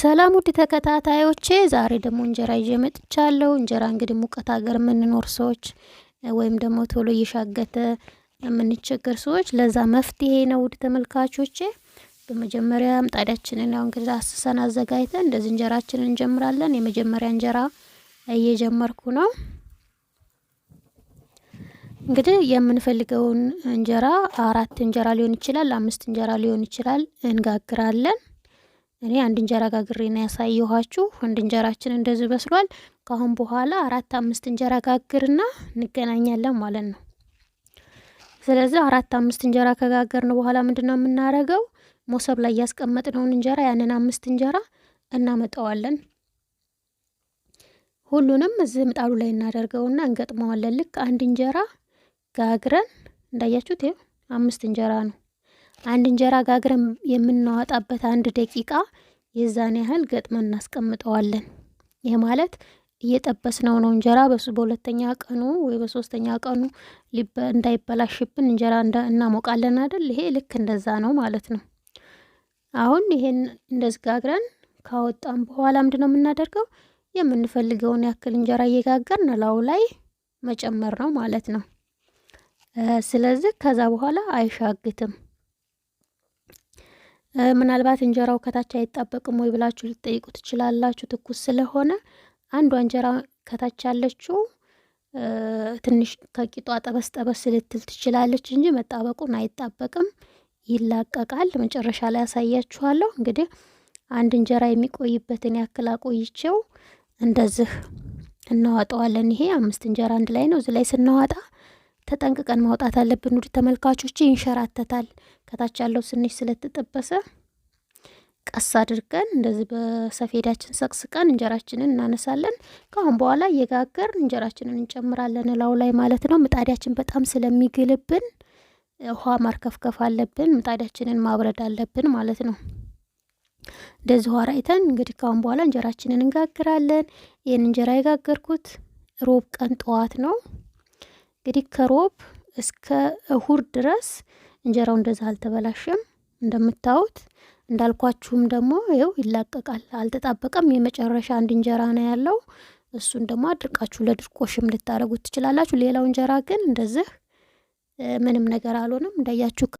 ሰላም ውድ ተከታታዮቼ፣ ዛሬ ደግሞ እንጀራ ይዤ መጥቻለሁ። እንጀራ እንግዲህ ሙቀት ሀገር የምንኖር ሰዎች ወይም ደግሞ ቶሎ እየሻገተ የምንቸገር ሰዎች ለዛ መፍትሄ ነው። ውድ ተመልካቾቼ፣ በመጀመሪያ ምጣዳችንን ያው እንግዲህ አስሰን አዘጋጅተን እንደዚህ እንጀራችንን እንጀምራለን። የመጀመሪያ እንጀራ እየጀመርኩ ነው። እንግዲህ የምንፈልገውን እንጀራ አራት እንጀራ ሊሆን ይችላል፣ አምስት እንጀራ ሊሆን ይችላል እንጋግራለን እኔ አንድ እንጀራ ጋግሬ ነው ያሳየኋችሁ። አንድ እንጀራችን እንደዚህ በስሏል። ከአሁን በኋላ አራት አምስት እንጀራ ጋግርና እንገናኛለን ማለት ነው። ስለዚህ አራት አምስት እንጀራ ከጋገርን በኋላ ምንድን ነው የምናረገው? ሞሰብ ላይ ያስቀመጥነውን እንጀራ ያንን አምስት እንጀራ እናመጣዋለን። ሁሉንም እዚህ ምጣዱ ላይ እናደርገውና እንገጥመዋለን። ልክ አንድ እንጀራ ጋግረን እንዳያችሁት አምስት እንጀራ ነው። አንድ እንጀራ ጋግረን የምናወጣበት አንድ ደቂቃ የዛን ያህል ገጥመን እናስቀምጠዋለን። ይህ ማለት እየጠበስነው ነው እንጀራ በሁለተኛ ቀኑ ወይ በሶስተኛ ቀኑ እንዳይበላሽብን እንጀራ እናሞቃለን አይደል? ይሄ ልክ እንደዛ ነው ማለት ነው። አሁን ይሄን እንደዚህ ጋግረን ካወጣን በኋላ ምንድን ነው የምናደርገው? የምንፈልገውን ያክል እንጀራ እየጋገርን ላዩ ላይ መጨመር ነው ማለት ነው። ስለዚህ ከዛ በኋላ አይሻግትም። ምናልባት እንጀራው ከታች አይጣበቅም ወይ ብላችሁ ልትጠይቁ ትችላላችሁ። ትኩስ ስለሆነ አንዷ እንጀራ ከታች ያለችው ትንሽ ከቂጧ ጠበስ ጠበስ ልትል ትችላለች እንጂ መጣበቁን አይጣበቅም፣ ይላቀቃል። መጨረሻ ላይ ያሳያችኋለሁ። እንግዲህ አንድ እንጀራ የሚቆይበትን ያክል አቆይቼው እንደዚህ እናዋጠዋለን። ይሄ አምስት እንጀራ አንድ ላይ ነው። እዚህ ላይ ስናዋጣ ተጠንቅቀን ማውጣት አለብን። ውድ ተመልካቾች ይንሸራተታል። ከታች ያለው ስንሽ ስለተጠበሰ ቀስ አድርገን እንደዚህ በሰፌዳችን ሰቅስቀን እንጀራችንን እናነሳለን። ከአሁን በኋላ እየጋገር እንጀራችንን እንጨምራለን እላው ላይ ማለት ነው። ምጣዳችን በጣም ስለሚግልብን ውሃ ማርከፍከፍ አለብን። ምጣዳችንን ማብረድ አለብን ማለት ነው። እንደዚህ ውሃ ራይተን እንግዲህ ከአሁን በኋላ እንጀራችንን እንጋግራለን። ይህን እንጀራ የጋገርኩት ሮብ ቀን ጠዋት ነው። እንግዲህ ከሮብ እስከ እሁድ ድረስ እንጀራው እንደዛ አልተበላሸም እንደምታዩት። እንዳልኳችሁም ደግሞ ይኸው ይላቀቃል፣ አልተጣበቀም። የመጨረሻ አንድ እንጀራ ነው ያለው። እሱን ደግሞ አድርቃችሁ ለድርቆሽም ልታደርጉት ትችላላችሁ። ሌላው እንጀራ ግን እንደዚህ ምንም ነገር አልሆነም እንዳያችሁ